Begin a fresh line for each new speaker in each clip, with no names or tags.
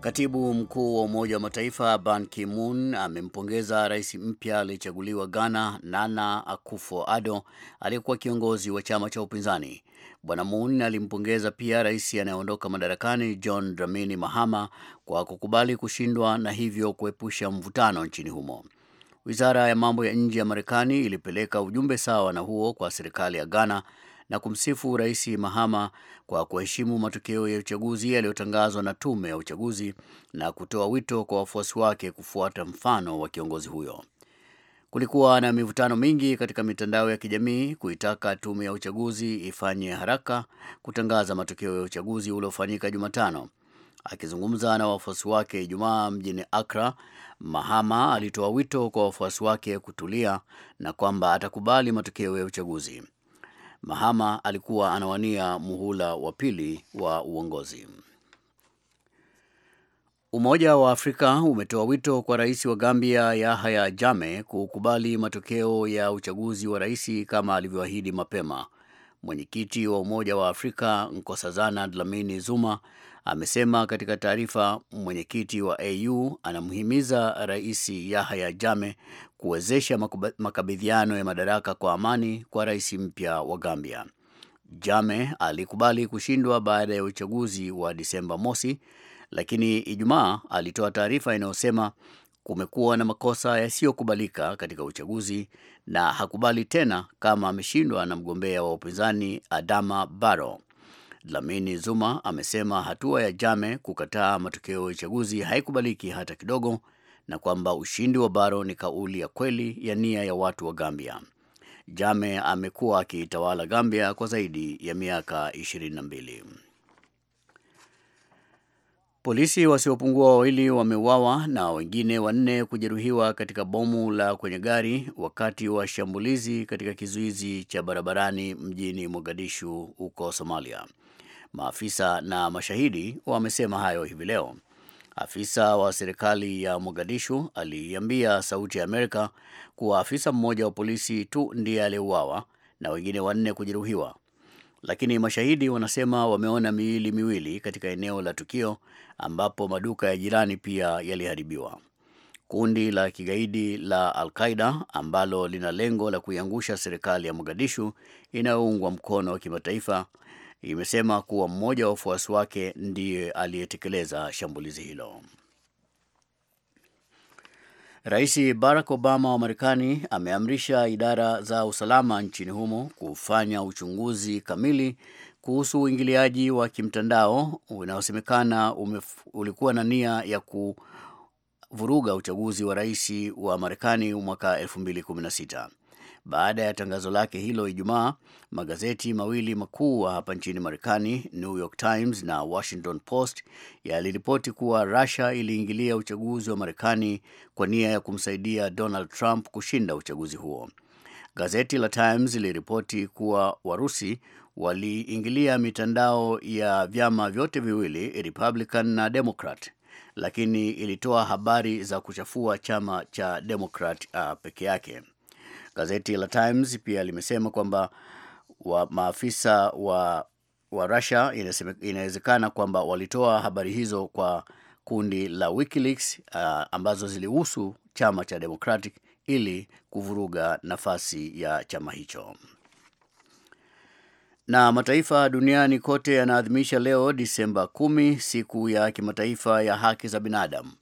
Katibu mkuu wa Umoja wa Mataifa Ban Ki-moon amempongeza rais mpya aliyechaguliwa Ghana, Nana Akufo-Addo, aliyekuwa kiongozi wa chama cha upinzani. Bwana Moon alimpongeza pia rais anayeondoka madarakani John Dramani Mahama kwa kukubali kushindwa na hivyo kuepusha mvutano nchini humo. Wizara ya mambo ya nje ya Marekani ilipeleka ujumbe sawa na huo kwa serikali ya Ghana na kumsifu Rais Mahama kwa kuheshimu matokeo ya uchaguzi yaliyotangazwa na tume ya uchaguzi na kutoa wito kwa wafuasi wake kufuata mfano wa kiongozi huyo. Kulikuwa na mivutano mingi katika mitandao ya kijamii kuitaka tume ya uchaguzi ifanye haraka kutangaza matokeo ya uchaguzi uliofanyika Jumatano. Akizungumza na wafuasi wake Ijumaa mjini Accra, Mahama alitoa wito kwa wafuasi wake kutulia na kwamba atakubali matokeo ya uchaguzi. Mahama alikuwa anawania muhula wa pili wa uongozi. Umoja wa Afrika umetoa wito kwa rais wa Gambia Yahya Jammeh kukubali matokeo ya uchaguzi wa rais kama alivyoahidi mapema. Mwenyekiti wa Umoja wa Afrika Nkosazana Dlamini Zuma amesema katika taarifa. Mwenyekiti wa AU anamhimiza Rais Yahya Jammeh kuwezesha makabidhiano ya madaraka kwa amani kwa rais mpya wa Gambia. Jame alikubali kushindwa baada ya uchaguzi wa Disemba mosi, lakini Ijumaa alitoa taarifa inayosema kumekuwa na makosa yasiyokubalika katika uchaguzi na hakubali tena kama ameshindwa na mgombea wa upinzani Adama Barrow. Dlamini Zuma amesema hatua ya Jame kukataa matokeo ya uchaguzi haikubaliki hata kidogo na kwamba ushindi wa Barrow ni kauli ya kweli ya nia ya watu wa Gambia. Jame amekuwa akiitawala Gambia kwa zaidi ya miaka 22. Polisi wasiopungua wawili wameuawa na wengine wanne kujeruhiwa katika bomu la kwenye gari wakati wa shambulizi katika kizuizi cha barabarani mjini Mogadishu huko Somalia. Maafisa na mashahidi wamesema hayo hivi leo. Afisa wa serikali ya Mogadishu aliiambia Sauti ya Amerika kuwa afisa mmoja wa polisi tu ndiye aliyeuawa na wengine wanne kujeruhiwa, lakini mashahidi wanasema wameona miili miwili katika eneo la tukio ambapo maduka ya jirani pia yaliharibiwa. Kundi la kigaidi la Al-Qaida ambalo lina lengo la kuiangusha serikali ya Mogadishu inayoungwa mkono wa kimataifa imesema kuwa mmoja wa wafuasi wake ndiye aliyetekeleza shambulizi hilo. Rais Barack Obama wa Marekani ameamrisha idara za usalama nchini humo kufanya uchunguzi kamili kuhusu uingiliaji wa kimtandao unaosemekana ulikuwa na nia ya kuvuruga uchaguzi wa rais wa Marekani mwaka baada ya tangazo lake hilo Ijumaa, magazeti mawili makuu hapa nchini Marekani, New York Times na Washington Post, yaliripoti kuwa Russia iliingilia uchaguzi wa Marekani kwa nia ya kumsaidia Donald Trump kushinda uchaguzi huo. Gazeti la Times liliripoti kuwa Warusi waliingilia mitandao ya vyama vyote viwili, Republican na Democrat, lakini ilitoa habari za kuchafua chama cha Democrat uh, peke yake. Gazeti la Times pia limesema kwamba wa maafisa wa, wa Russia inawezekana kwamba walitoa habari hizo kwa kundi la WikiLeaks uh, ambazo zilihusu chama cha Democratic ili kuvuruga nafasi ya chama hicho. Na mataifa duniani kote yanaadhimisha leo Disemba kumi, siku ya kimataifa ya haki za binadamu,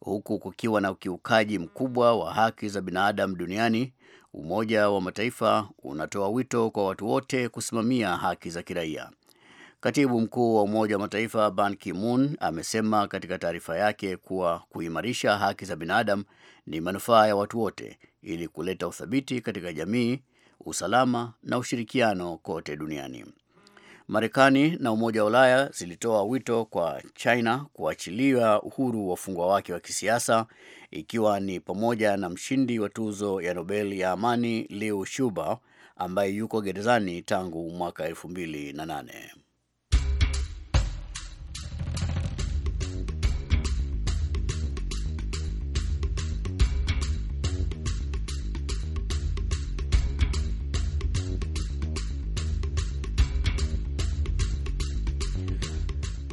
huku kukiwa na ukiukaji mkubwa wa haki za binadamu duniani. Umoja wa Mataifa unatoa wito kwa watu wote kusimamia haki za kiraia. Katibu mkuu wa Umoja wa Mataifa Ban Ki-moon amesema katika taarifa yake kuwa kuimarisha haki za binadamu ni manufaa ya watu wote ili kuleta uthabiti katika jamii, usalama na ushirikiano kote duniani. Marekani na Umoja wa Ulaya zilitoa wito kwa China kuachilia uhuru wafungwa wake wa kisiasa ikiwa ni pamoja na mshindi wa tuzo ya Nobel ya amani Liu Shuba ambaye yuko gerezani tangu mwaka 2008.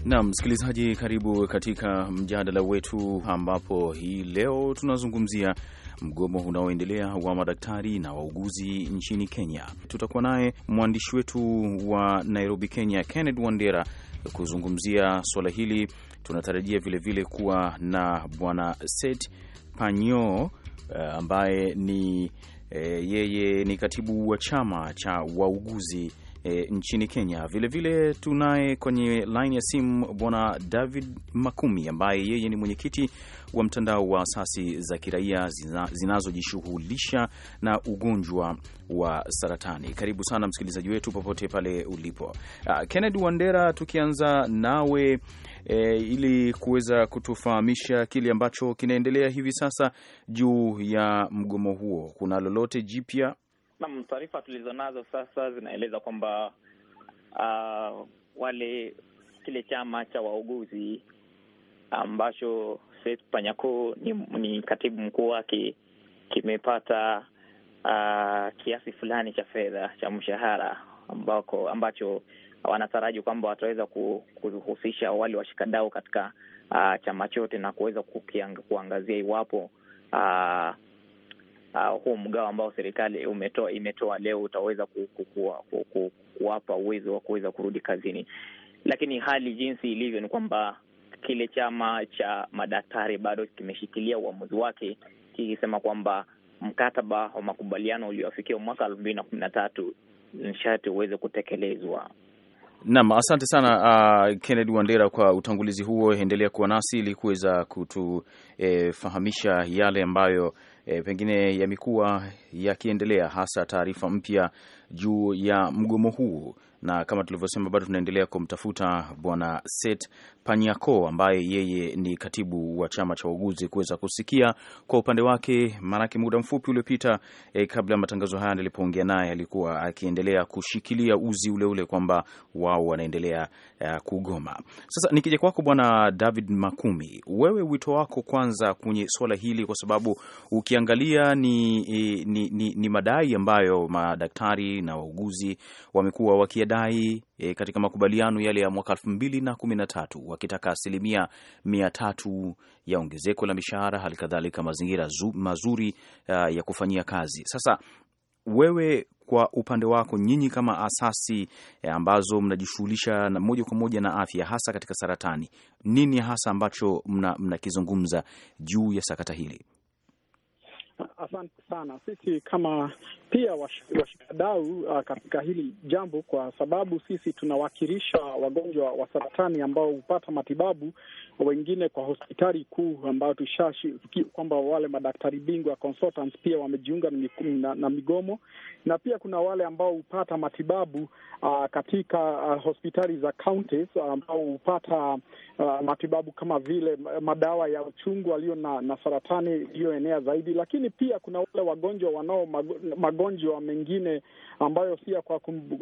nam msikilizaji, karibu katika mjadala wetu ambapo hii leo tunazungumzia mgomo unaoendelea wa madaktari na wauguzi nchini Kenya. Tutakuwa naye mwandishi wetu wa Nairobi, Kenya, Kenneth Wandera kuzungumzia suala hili. Tunatarajia vilevile kuwa na bwana Seth Panyo eh, ambaye ni eh, yeye ni katibu wa chama cha wauguzi e, nchini Kenya. Vilevile tunaye kwenye lini ya simu Bwana David Makumi ambaye yeye ni mwenyekiti wa mtandao wa asasi za kiraia zinazojishughulisha na ugonjwa wa saratani. Karibu sana msikilizaji wetu popote pale ulipo. Uh, Kennedy Wandera, tukianza nawe e, ili kuweza kutufahamisha kile ambacho kinaendelea hivi sasa juu ya mgomo huo, kuna lolote jipya
Naam, taarifa tulizonazo sasa zinaeleza kwamba uh, wale kile chama cha wauguzi ambacho Seth Panyako ni, ni katibu mkuu wake kimepata uh, kiasi fulani cha fedha cha mshahara ambako ambacho wanataraji kwamba wataweza kuhusisha wale washikadau katika uh, chama chote na kuweza kuangazia iwapo uh, uh, huu mgao ambao serikali umetoa imetoa leo utaweza kuwapa ku, ku, ku, uwezo wa kuweza kurudi kazini, lakini hali jinsi ilivyo ni kwamba kile chama cha madaktari bado kimeshikilia uamuzi wake kikisema kwamba mkataba wa makubaliano ulioafikiwa mwaka elfu mbili na kumi na tatu nishati uweze kutekelezwa.
Naam, asante sana uh, Kennedy Wandera kwa utangulizi huo. Endelea kuwa nasi ili kuweza kutufahamisha eh, yale ambayo e, pengine yamekuwa yakiendelea, hasa taarifa mpya juu ya mgomo huu na kama tulivyosema, bado tunaendelea kumtafuta bwana Seth Panyako ambaye yeye ni katibu wa chama cha wauguzi kuweza kusikia kwa upande wake, maanake muda mfupi uliopita eh, kabla ya matangazo haya nilipoongea naye alikuwa akiendelea kushikilia uzi ule ule kwamba wao wanaendelea eh, kugoma. Sasa nikija kwako bwana David Makumi, wewe wito wako kwanza kwenye swala hili, kwa sababu ukiangalia ni, eh, ni, ni, ni madai ambayo madaktari na wauguzi wamekuwa wakia wamedai e, katika makubaliano yale ya mwaka elfu mbili na kumi na tatu wakitaka asilimia mia tatu ya ongezeko la mishahara, halikadhalika mazingira zu, mazuri uh, ya kufanyia kazi. Sasa wewe kwa upande wako nyinyi kama asasi e, ambazo mnajishughulisha moja kwa moja na afya hasa katika saratani, nini hasa ambacho mnakizungumza mna juu ya sakata hili?
Asante sana. Sisi kama pia washikadau uh, katika hili jambo, kwa sababu sisi tunawakilisha wagonjwa wa saratani ambao hupata matibabu wengine kwa hospitali kuu ambao tushashikia kwamba wale madaktari bingwa consultants pia wamejiunga na, na migomo, na pia kuna wale ambao hupata matibabu uh, katika uh, hospitali za counties ah, ambao uh, hupata uh, matibabu kama vile madawa ya uchungu walio na, na saratani iliyoenea zaidi, lakini pia kuna wale wagonjwa wanao magonjwa mengine ambayo si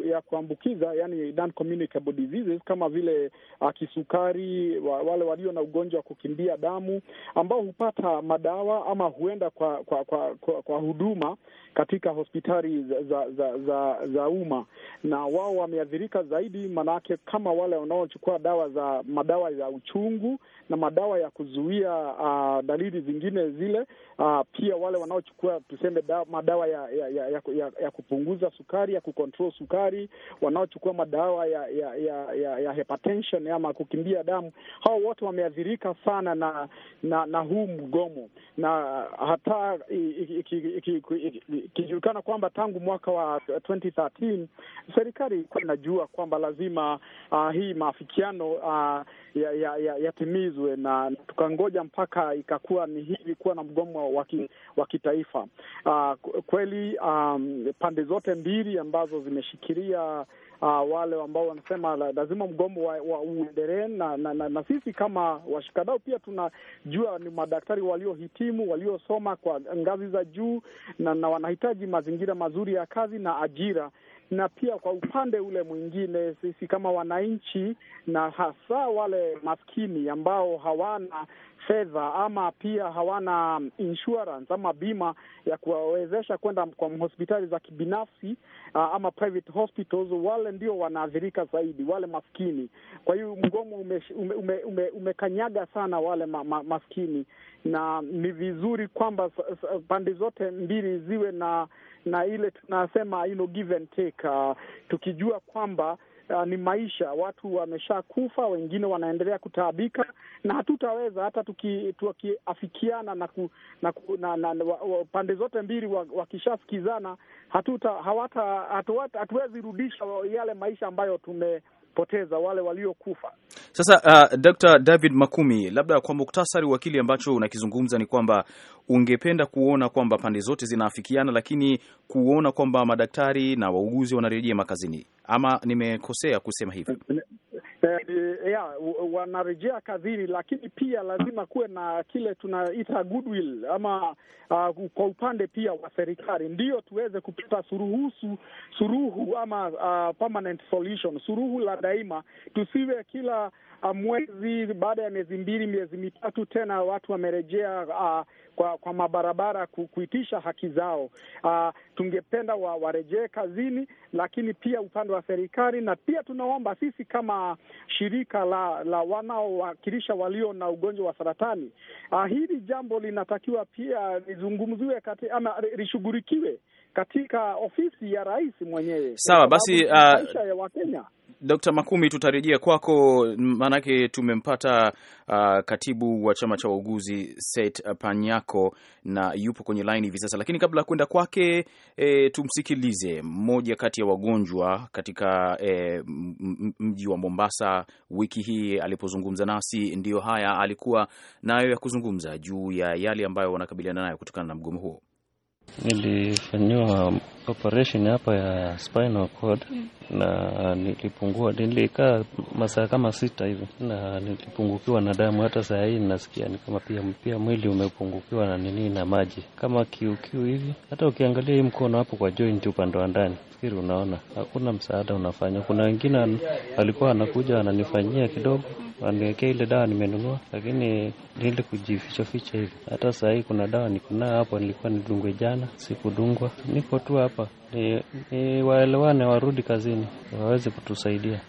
ya kuambukiza, yani non-communicable diseases kama vile uh, kisukari, wale walio walio na ugonjwa wa kukimbia damu ambao hupata madawa ama huenda kwa kwa kwa, kwa, kwa huduma katika hospitali za za za, za, za umma, na wao wameathirika zaidi, maanake kama wale wanaochukua dawa za madawa ya uchungu na madawa ya kuzuia uh, dalili zingine zile uh, pia wale wanaochukua tuseme da, madawa ya ya, ya, ya, ya ya kupunguza sukari ya kukontrol sukari, wanaochukua madawa ya ya, ya, ya, ya hypertension ama kukimbia damu, hao wote wameathirika sana na na, na huu mgomo, na hata ikijulikana kwamba tangu mwaka wa 2013 serikali ilikuwa inajua kwamba lazima uh, hii maafikiano uh, ah, yatimizwe ya, ya, ya na tukangoja mpaka ikakuwa ni hii ilikuwa na mgomo wa kitaifa uh, kweli um, pande zote mbili ambazo zimeshikilia uh, wale ambao wanasema lazima mgomo uendelee wa, uendelee na, na, na, na sisi kama kama washikadau pia tunajua ni madaktari waliohitimu, waliosoma kwa ngazi za juu na, na wanahitaji mazingira mazuri ya kazi na ajira na pia kwa upande ule mwingine, sisi kama wananchi na hasa wale maskini ambao hawana fedha ama pia hawana insurance ama bima ya kuwawezesha kwenda kwa hospitali za kibinafsi ama private hospitals, wale ndio wanaathirika zaidi, wale maskini. Kwa hiyo mgomo umekanyaga ume, ume, ume sana wale ma, ma, maskini, na ni vizuri kwamba pande zote mbili ziwe na na ile tunasema you know, give and take uh, tukijua kwamba Uh, ni maisha. Watu wameshakufa, wengine wanaendelea kutaabika, na hatutaweza hata tukiafikiana na, ku, na, ku, na, na, na pande zote mbili wakishasikizana, hatuta hawata hatuwezi rudisha yale maisha ambayo tume kupoteza wale waliokufa.
Sasa uh, Dr. David Makumi, labda kwa muktasari wa kile ambacho unakizungumza ni kwamba ungependa kuona kwamba pande zote zinaafikiana, lakini kuona kwamba madaktari na wauguzi wanarejea makazini ama nimekosea kusema hivyo?
Eh, ya, wanarejea kazini, lakini pia lazima kuwe na kile tunaita goodwill ama uh, kwa upande pia wa serikali ndio tuweze kupata suruhusu suruhu ama uh, permanent solution, suruhu la daima. Tusiwe kila mwezi baada ya miezi mbili, miezi mitatu tena watu wamerejea uh, kwa, kwa mabarabara kuitisha haki zao. Uh, tungependa wa, warejee kazini, lakini pia upande wa serikali na pia tunaomba sisi kama shirika la, la wanaowakilisha walio na ugonjwa wa saratani uh, hili jambo linatakiwa pia lizungumziwe kati, ama lishughulikiwe katika ofisi ya rais mwenyewe. Sawa basi, uh, ya Wakenya
Dkt. Makumi, tutarejea kwako, maanake tumempata uh, katibu wa chama cha wauguzi st Panyako na yupo kwenye laini hivi sasa, lakini kabla ya kwenda kwake e, tumsikilize mmoja kati ya wagonjwa katika e, mji wa Mombasa wiki hii alipozungumza nasi, ndiyo haya alikuwa nayo ya kuzungumza juu ya yale ambayo wanakabiliana nayo kutokana na mgomo huo. Nilifanyiwa operation hapa ya spinal cord mm. na nilipungua, nilikaa masaa kama sita hivi na nilipungukiwa na damu. Hata saa hii nasikia ni kama pia pia mwili umepungukiwa na nini na maji kama kiukiu hivi. Hata ukiangalia hii mkono hapo kwa joint upande wa ndani, fikiri unaona hakuna msaada unafanya. Kuna wengine alikuwa anakuja ananifanyia kidogo Waniwekea ile dawa nimenunua, lakini niende kujificha ficha hivi. Hata saa hii kuna dawa niko nayo hapo, nilikuwa nidungwe jana, sikudungwa. Niko tu hapa ni, ni waelewane, warudi kazini, waweze kutusaidia.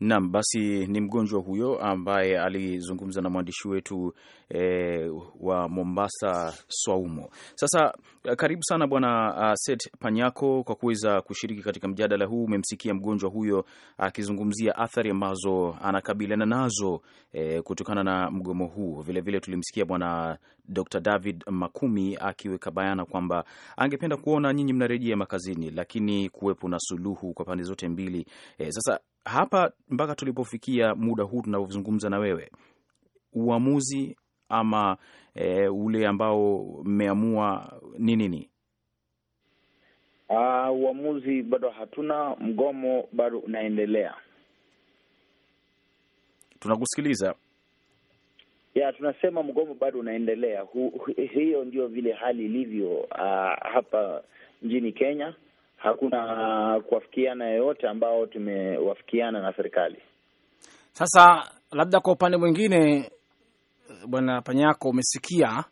Naam, basi ni mgonjwa huyo ambaye alizungumza na mwandishi wetu e, wa Mombasa Swaumo. Sasa eh, karibu sana bwana uh, Seth Panyako kwa kuweza kushiriki katika mjadala huu. Umemsikia mgonjwa huyo akizungumzia uh, athari ambazo anakabiliana nazo e, kutokana na mgomo huu. Vilevile tulimsikia bwana Dr. David Makumi akiweka bayana kwamba angependa kuona nyinyi mnarejea makazini, lakini kuwepo na suluhu kwa pande zote mbili. E, sasa hapa mpaka tulipofikia muda huu tunavyozungumza na wewe, uamuzi ama e, ule ambao mmeamua ni nini?
Uh, uamuzi bado hatuna, mgomo bado unaendelea.
Tunakusikiliza.
Ya, tunasema mgomo bado unaendelea. hiyo ndio vile hali ilivyo uh, hapa nchini Kenya hakuna uh, kuwafikiana yoyote ambao tumewafikiana na serikali.
Sasa labda kwa upande mwingine bwana Panyako, umesikia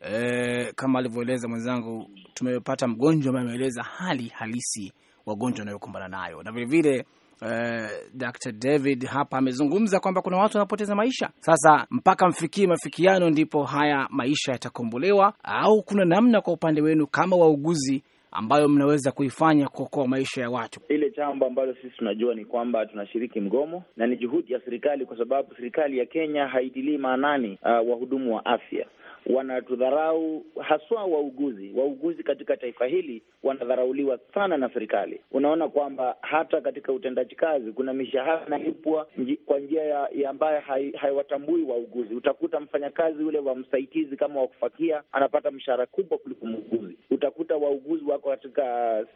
e, kama alivyoeleza mwenzangu, tumepata mgonjwa ambaye ameeleza hali halisi wagonjwa wanayokumbana nayo na vilevile Uh, eh, Dr. David hapa amezungumza kwamba kuna watu wanapoteza maisha. Sasa mpaka mfikie mafikiano ndipo haya maisha yatakombolewa, au kuna namna kwa upande wenu kama wauguzi ambayo mnaweza kuifanya kuokoa maisha ya watu?
Ile jambo ambalo sisi tunajua ni kwamba tunashiriki mgomo na ni juhudi ya serikali, kwa sababu serikali ya Kenya haidilii maanani uh, wahudumu wa afya wanatudharau haswa wauguzi. Wauguzi katika taifa hili wanadharauliwa sana na serikali. Unaona kwamba hata katika utendaji kazi kuna mishahara inalipwa kwa njia ya, ya ambayo haiwatambui hai wauguzi. Utakuta mfanyakazi ule wa msaidizi kama wa kufakia anapata mshahara kubwa kuliko muuguzi. Utakuta wauguzi wako katika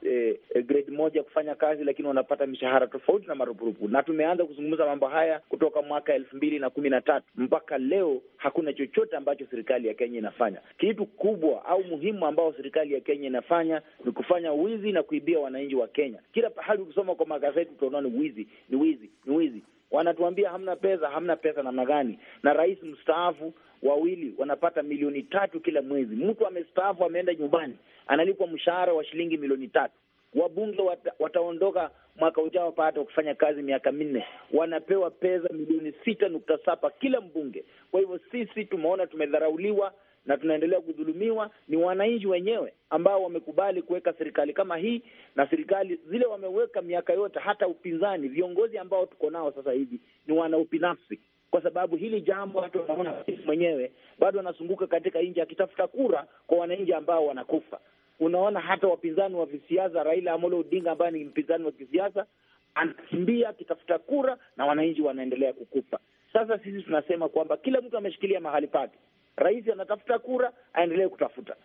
eh, grade moja kufanya kazi, lakini wanapata mishahara tofauti na marupurupu. Na tumeanza kuzungumza mambo haya kutoka mwaka elfu mbili na kumi na tatu mpaka leo, hakuna chochote ambacho serikali ya Kenya inafanya. Kitu kubwa au muhimu ambao serikali ya Kenya inafanya ni kufanya wizi na kuibia wananchi wa Kenya. Kila pahali ukisoma kwa magazeti utaona ni wizi, ni wizi, ni wizi. Wanatuambia hamna pesa, hamna pesa namna gani? Na rais mstaafu wawili wanapata milioni tatu kila mwezi. Mtu amestaafu ameenda nyumbani, analipwa mshahara wa shilingi milioni tatu. Wabunge wata, wataondoka mwaka ujao pata kufanya kazi miaka minne, wanapewa pesa milioni sita nukta saba kila mbunge. Kwa hivyo sisi tumeona tumedharauliwa na tunaendelea kudhulumiwa. Ni wananchi wenyewe ambao wamekubali kuweka serikali kama hii, na serikali zile wameweka miaka yote, hata upinzani, viongozi ambao tuko nao sasa hivi ni wana upinafsi kwa sababu hili jambo watu wanaona mwenyewe bado wanazunguka katika nchi akitafuta kura kwa wananchi ambao wanakufa unaona hata wapinzani wa visiasa Raila Amolo Odinga ambaye ni mpinzani wa kisiasa anakimbia akitafuta kura na wananchi wanaendelea kukupa Sasa sisi tunasema kwamba kila mtu ameshikilia mahali pake. Rais anatafuta kura, aendelee kutafuta.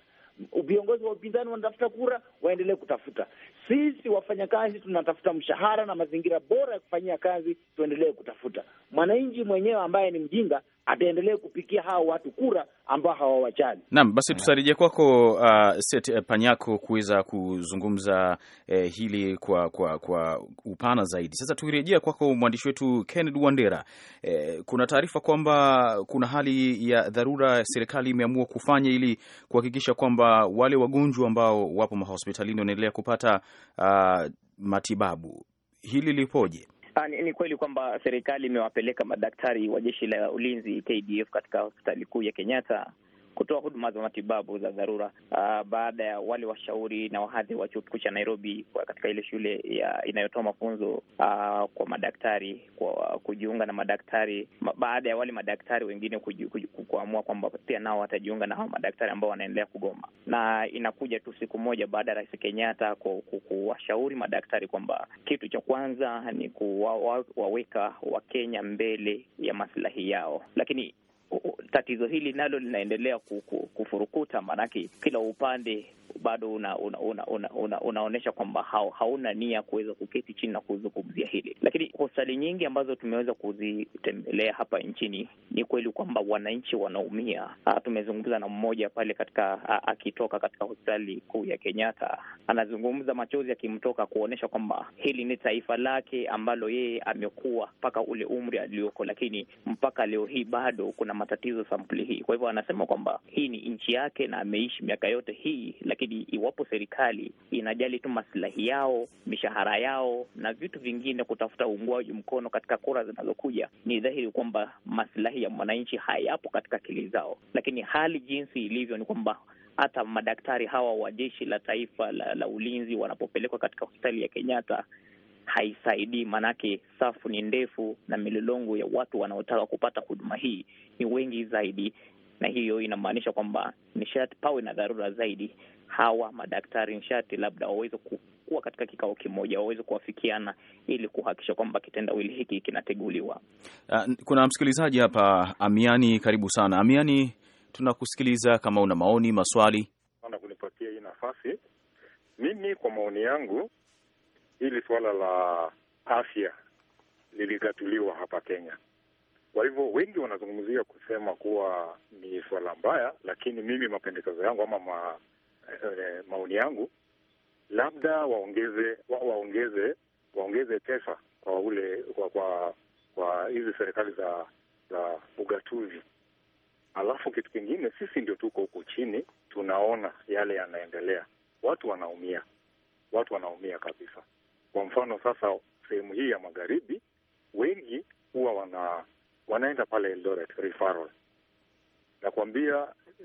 Viongozi wa upinzani wanatafuta kura, waendelee kutafuta. Sisi wafanyakazi tunatafuta mshahara na mazingira bora ya kufanyia kazi, tuendelee kutafuta. Mwananchi mwenyewe ambaye ni mjinga ataendelea kupigia hao watu kura ambao hawawachani.
Naam, basi tutarejea kwako uh, Seth eh, Panyako kuweza kuzungumza eh, hili kwa kwa kwa upana zaidi. Sasa tukirejea kwako mwandishi wetu kenned Wandera, eh, kuna taarifa kwamba kuna hali ya dharura serikali imeamua kufanya ili kuhakikisha kwamba wale wagonjwa ambao wapo mahospitalini wanaendelea kupata uh, matibabu. Hili lipoje?
Ah, ni, ni kweli kwamba serikali imewapeleka madaktari wa jeshi la ulinzi KDF katika hospitali kuu ya Kenyatta kutoa huduma za matibabu za dharura uh, baada ya wale washauri na wahadhi wa chuo kikuu cha Nairobi kwa katika ile shule inayotoa mafunzo uh, kwa madaktari kwa kujiunga na madaktari ma, baada ya wale madaktari wengine kuamua kwamba pia nao watajiunga na hao madaktari ambao wanaendelea kugoma, na inakuja tu siku moja baada ya Rais Kenyatta kuwashauri madaktari kwamba kitu cha kwanza ni kuwaweka Wakenya mbele ya masilahi yao, lakini tatizo hili nalo linaendelea kufurukuta, maanake kila upande bado una, una, una, una, una, unaonyesha kwamba hauna nia kuweza kuketi chini na kuzungumzia hili. Lakini hospitali nyingi ambazo tumeweza kuzitembelea hapa nchini, ni kweli kwamba wananchi wanaumia. Ah, tumezungumza na mmoja pale katika a, akitoka katika hospitali kuu ya Kenyatta, anazungumza machozi akimtoka, kuonyesha kwamba hili ni taifa lake ambalo yeye amekuwa mpaka ule umri aliyoko, lakini mpaka leo hii bado kuna matatizo sampuli hii. Kwa hivyo anasema kwamba hii ni nchi yake na ameishi miaka yote hii lakini iwapo serikali inajali tu masilahi yao, mishahara yao na vitu vingine, kutafuta uungwaji mkono katika kura zinazokuja, ni dhahiri kwamba masilahi ya mwananchi hayapo katika akili zao. Lakini hali jinsi ilivyo ni kwamba hata madaktari hawa wa jeshi la taifa la, la ulinzi wanapopelekwa katika hospitali ya Kenyatta haisaidii, maanake safu ni ndefu na milolongo ya watu wanaotaka kupata huduma hii ni wengi zaidi, na hiyo inamaanisha kwamba nishati pawe na dharura zaidi. Hawa madaktari nishati labda waweze kuwa katika kikao kimoja, waweze kuwafikiana ili kuhakikisha kwamba kitendawili hiki kinateguliwa.
Uh, kuna msikilizaji hapa Amiani, karibu sana Amiani, tunakusikiliza kama una maoni, maswali
na kunipatia hii nafasi. Mimi kwa maoni yangu, hili suala la afya lilikatuliwa hapa Kenya kwa hivyo wengi wanazungumzia kusema kuwa ni swala mbaya, lakini mimi mapendekezo yangu ama ma, e, maoni yangu labda waongeze wa, waongeze waongeze pesa kwa ule kwa kwa, kwa hizi serikali za za ugatuzi. Alafu kitu kingine, sisi ndio tuko huku chini, tunaona yale yanaendelea, watu wanaumia, watu wanaumia kabisa. Kwa mfano sasa, sehemu hii ya magharibi wengi huwa wana wanaenda pale Eldoret referral na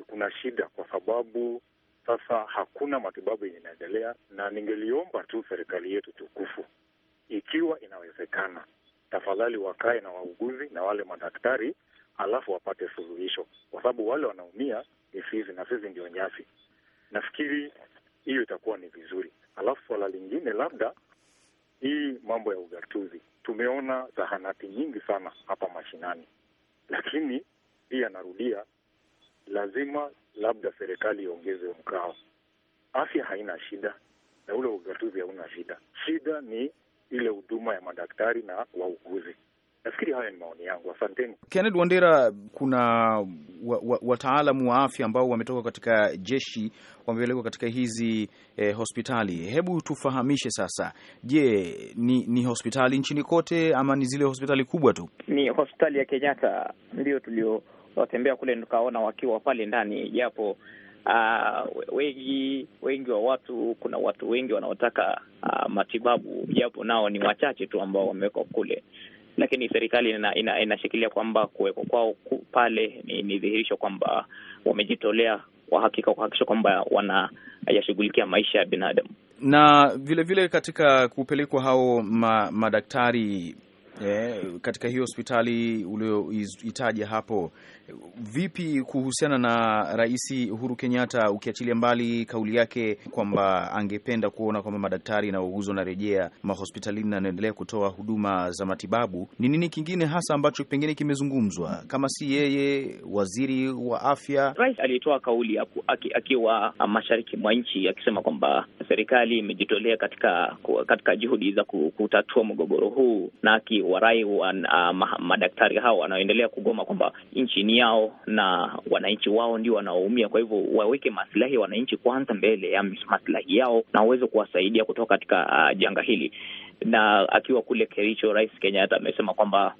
kuna shida, kwa sababu sasa hakuna matibabu yenye inaendelea, na ningeliomba tu serikali yetu tukufu, ikiwa inawezekana, tafadhali wakae na wauguzi na wale madaktari, alafu wapate suluhisho, kwa sababu wale wanaumia ni sisi na sisi ndio nyasi. Nafikiri hiyo itakuwa ni vizuri. Alafu swala lingine labda hii mambo ya ugatuzi. Tumeona zahanati nyingi sana hapa mashinani, lakini pia narudia, lazima labda serikali iongeze mkao. Afya haina shida na ule ugatuzi hauna shida. Shida ni ile huduma ya madaktari na wauguzi. Nafikiri hayo ni maoni yangu, asanteni.
Kenneth Wandera, kuna wataalamu wa, wa, wa afya ambao wametoka katika jeshi wamepelekwa katika hizi eh, hospitali. Hebu tufahamishe sasa, je, ni ni hospitali nchini kote ama ni zile hospitali kubwa tu?
Ni hospitali ya Kenyatta ndio tuliowatembea kule, tukaona wakiwa pale ndani, japo uh, wengi wengi wa watu, kuna watu wengi wanaotaka uh, matibabu, japo nao ni wachache tu ambao wamewekwa kule lakini serikali inashikilia ina, ina kwamba kuwekwa kwao pale ni, ni dhihirisho kwamba wamejitolea kwa hakika kuhakikisha kwamba wanayashughulikia maisha ya binadamu
na vilevile vile katika kupelekwa hao ma, madaktari eh, katika hiyo hospitali ulioitaja hapo Vipi kuhusiana na Rais Uhuru Kenyatta, ukiachilia mbali kauli yake kwamba angependa kuona kwamba madaktari na wauguzi wanarejea mahospitalini na anaendelea kutoa huduma za matibabu, ni nini kingine hasa ambacho pengine kimezungumzwa kama si yeye,
waziri wa afya? Rais alitoa kauli akiwa mashariki mwa nchi akisema kwamba serikali imejitolea katika katika juhudi za kutatua mgogoro huu na akiwarai wa, uh, madaktari hao wanaoendelea kugoma kwamba nchi ni yao na wananchi wao ndio wanaoumia. Kwa hivyo waweke maslahi ya wananchi kwanza mbele ya maslahi yao na waweze kuwasaidia kutoka katika uh, janga hili. Na akiwa kule Kericho, Rais Kenyatta amesema kwamba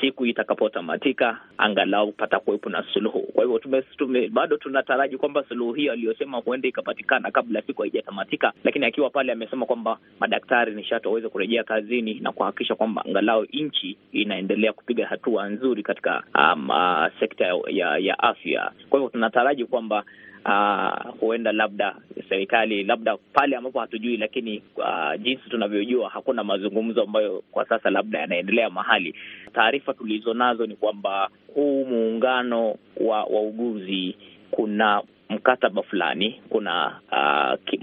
siku itakapotamatika angalau pata kuwepo na suluhu. Kwa hivyo tume, tume, bado tunataraji kwamba suluhu hiyo aliyosema huenda ikapatikana kabla siku haijatamatika, lakini akiwa pale amesema kwamba madaktari nishati waweze kurejea kazini na kuhakikisha kwamba angalau nchi inaendelea kupiga hatua nzuri katika um, uh, sekta sekta ya, ya, ya afya. Kwa hivyo tunataraji kwamba Uh, huenda labda serikali labda pale ambapo hatujui, lakini uh, jinsi tunavyojua hakuna mazungumzo ambayo kwa sasa labda yanaendelea mahali. Taarifa tulizo nazo ni kwamba huu muungano wa wauguzi kuna mkataba fulani, kuna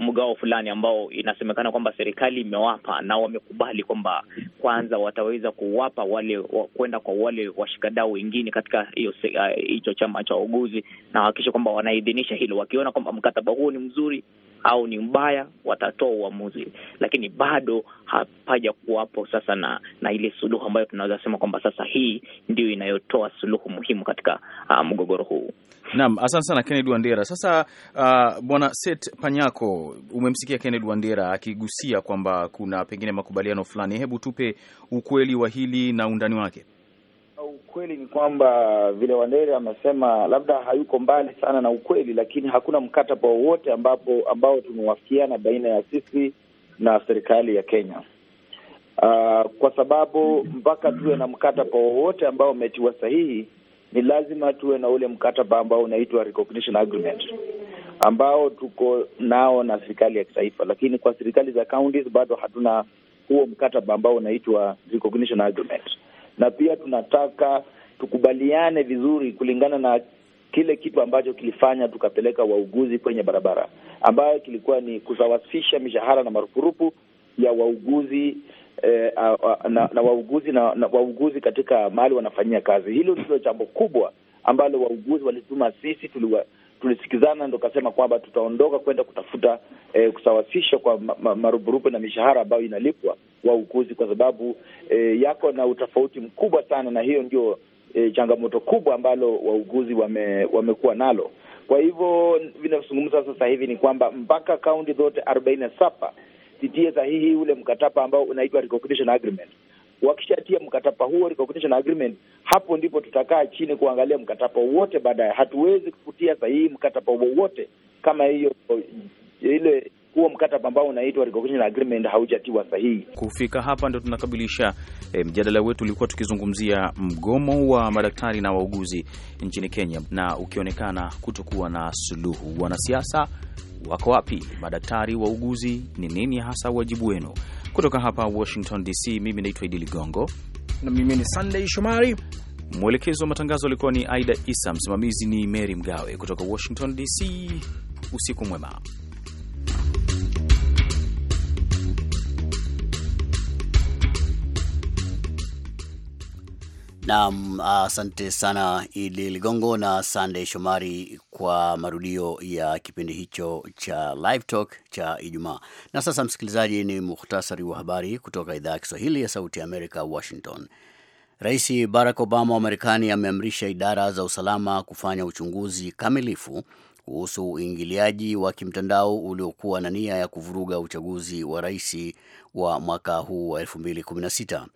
uh, mgao fulani ambao inasemekana kwamba serikali imewapa na wamekubali kwamba kwanza wataweza kuwapa wale wa, kwenda kwa wale washikadau wengine katika hiyo ah, hicho uh, chama cha uguzi na wahakikishe kwamba wanaidhinisha hilo, wakiona kwamba mkataba huo ni mzuri au ni mbaya, watatoa uamuzi, lakini bado hapaja kuwapo sasa na na ile suluhu ambayo tunaweza sema kwamba sasa hii ndio inayotoa suluhu muhimu katika uh, mgogoro huu.
Naam, asante sana Kennedy Wandera. Sasa uh, bwana Seth Panyako, umemsikia Kennedy Wandera akigusia kwamba kuna pengine makubaliano fulani. Hebu tupe ukweli wa hili na undani wake.
Ukweli ni kwamba vile Wandere amesema, labda hayuko mbali sana na ukweli, lakini hakuna mkataba wowote ambapo ambao tumewafikiana baina ya sisi na serikali ya Kenya. Uh, kwa sababu mpaka tuwe na mkataba wowote ambao umetiwa sahihi, ni lazima tuwe na ule mkataba ambao unaitwa recognition agreement ambao tuko nao na serikali ya kitaifa, lakini kwa serikali za counties bado hatuna huo mkataba ambao unaitwa recognition agreement na pia tunataka tukubaliane vizuri kulingana na kile kitu ambacho kilifanya tukapeleka wauguzi kwenye barabara, ambayo kilikuwa ni kusawasisha mishahara na marupurupu ya wauguzi eh, na, na wauguzi na, na wauguzi katika mahali wanafanyia kazi. Hilo ndilo jambo kubwa ambalo wauguzi walituma sisi tuliwa, tulisikizana ndo kasema kwamba tutaondoka kwenda kutafuta eh, kusawasisha kwa ma, ma, marupurupu na mishahara ambayo inalipwa wa ukuzi, kwa sababu e, yako na utofauti mkubwa sana, na hiyo ndio e, changamoto kubwa ambalo wauguzi wame, wamekuwa nalo. Kwa hivyo vinavyozungumza sasa hivi ni kwamba mpaka kaunti zote arobaini na saba zitie sahihi ule mkataba ambao unaitwa recognition agreement. Wakishatia mkataba huo recognition agreement, hapo ndipo tutakaa chini kuangalia mkataba wowote baadaye. Hatuwezi kutia sahihi mkataba wowote kama hiyo eh, ile huo mkataba ambao unaitwa Recognition Agreement haujatiwa sahihi.
Kufika hapa ndo tunakabilisha e, eh, mjadala wetu ulikuwa tukizungumzia mgomo wa madaktari na wauguzi nchini Kenya, na ukionekana kutokuwa na suluhu, wanasiasa wako wapi? Madaktari, wauguzi, ni nini hasa wajibu wenu? Kutoka hapa Washington DC, mimi naitwa Idi Ligongo na mimi ni Sunday Shomari. Mwelekezi wa matangazo alikuwa ni Aida Isa, msimamizi ni Mary Mgawe. Kutoka Washington DC, usiku mwema.
Naam, asante sana Idi Ligongo na Sunday Shomari kwa marudio ya kipindi hicho cha Live Talk cha Ijumaa. Na sasa, msikilizaji, ni muhtasari wa habari kutoka idhaa ya Kiswahili ya Sauti ya Amerika, Washington. Rais Barack Obama wa Marekani ameamrisha idara za usalama kufanya uchunguzi kamilifu kuhusu uingiliaji wa kimtandao uliokuwa na nia ya kuvuruga uchaguzi wa rais wa mwaka huu wa 2016.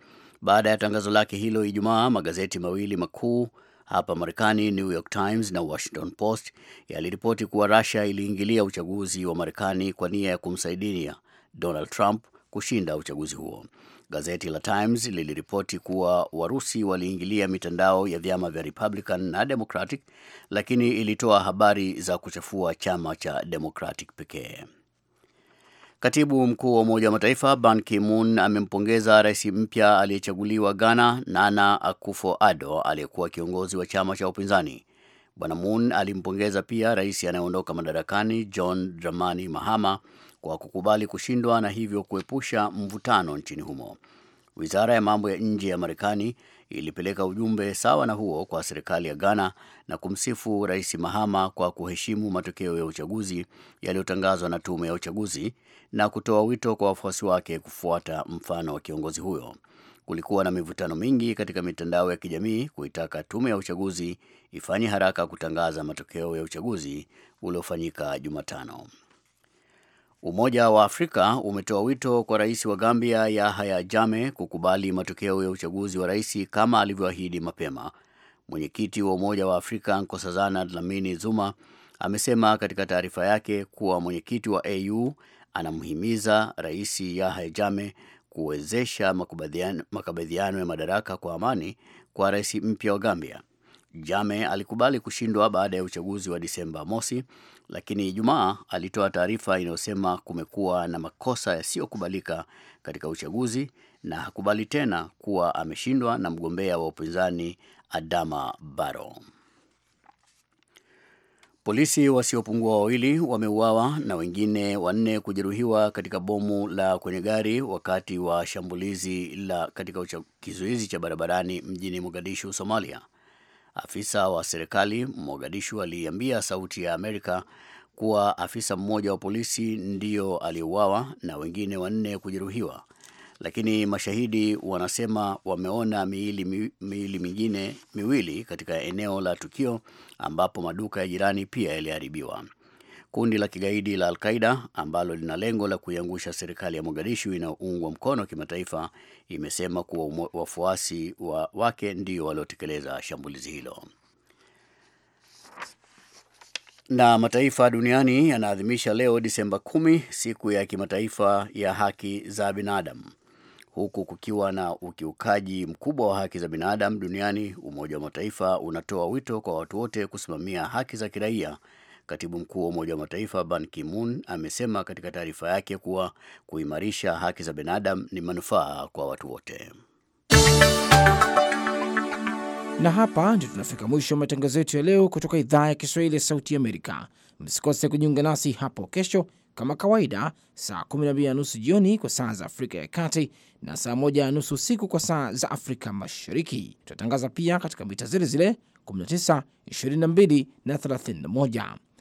Baada ya tangazo lake hilo Ijumaa, magazeti mawili makuu hapa Marekani, New York Times na Washington Post, yaliripoti kuwa Russia iliingilia uchaguzi wa Marekani kwa nia ya kumsaidia Donald Trump kushinda uchaguzi huo. Gazeti la Times liliripoti kuwa Warusi waliingilia mitandao ya vyama vya Republican na Democratic, lakini ilitoa habari za kuchafua chama cha Democratic pekee. Katibu mkuu wa Umoja wa Mataifa Ban Ki-moon amempongeza rais mpya aliyechaguliwa Ghana, Nana Akufo-Addo, aliyekuwa kiongozi wa chama cha upinzani. Bwana Moon alimpongeza pia rais anayeondoka madarakani John Dramani Mahama kwa kukubali kushindwa na hivyo kuepusha mvutano nchini humo. Wizara ya mambo ya nje ya Marekani ilipeleka ujumbe sawa na huo kwa serikali ya Ghana na kumsifu Rais Mahama kwa kuheshimu matokeo ya uchaguzi yaliyotangazwa na tume ya uchaguzi na kutoa wito kwa wafuasi wake kufuata mfano wa kiongozi huyo. Kulikuwa na mivutano mingi katika mitandao ya kijamii kuitaka tume ya uchaguzi ifanye haraka kutangaza matokeo ya uchaguzi uliofanyika Jumatano. Umoja wa Afrika umetoa wito kwa rais wa Gambia Yahya Jammeh kukubali matokeo ya uchaguzi wa rais kama alivyoahidi mapema. Mwenyekiti wa Umoja wa Afrika Nkosazana Dlamini Zuma amesema katika taarifa yake kuwa mwenyekiti wa AU anamhimiza rais Yahya Jammeh kuwezesha makabidhiano ya madaraka kwa amani kwa rais mpya wa Gambia. Jame alikubali kushindwa baada ya uchaguzi wa Disemba mosi, lakini Ijumaa alitoa taarifa inayosema kumekuwa na makosa yasiyokubalika katika uchaguzi na hakubali tena kuwa ameshindwa na mgombea wa upinzani Adama Barrow. Polisi wasiopungua wawili wameuawa na wengine wanne kujeruhiwa katika bomu la kwenye gari wakati wa shambulizi la katika kizuizi cha barabarani mjini Mogadishu, Somalia. Afisa wa serikali Mogadishu aliambia Sauti ya Amerika kuwa afisa mmoja wa polisi ndio aliuawa na wengine wanne kujeruhiwa, lakini mashahidi wanasema wameona miili, miili mingine miwili katika eneo la tukio ambapo maduka ya jirani pia yaliharibiwa. Kundi la kigaidi la alqaida ambalo lina lengo la kuiangusha serikali ya Mogadishu inayoungwa mkono kimataifa imesema kuwa wafuasi wa wake ndio waliotekeleza shambulizi hilo. Na mataifa duniani yanaadhimisha leo Disemba kumi siku ya kimataifa ya haki za binadamu, huku kukiwa na ukiukaji mkubwa wa haki za binadamu duniani. Umoja wa Mataifa unatoa wito kwa watu wote kusimamia haki za kiraia Katibu mkuu wa Umoja wa Mataifa Ban Ki-moon amesema katika taarifa yake kuwa kuimarisha haki za binadamu ni manufaa kwa watu wote.
Na hapa ndio tunafika mwisho wa matangazo yetu ya leo kutoka idhaa ya Kiswahili ya Sauti Amerika. Msikose kujiunga nasi hapo kesho kama kawaida, saa 12 na nusu jioni kwa saa za Afrika ya Kati na saa 1 na nusu usiku kwa saa za Afrika Mashariki. Tutatangaza pia katika mita zile zile 19, 22 na 31.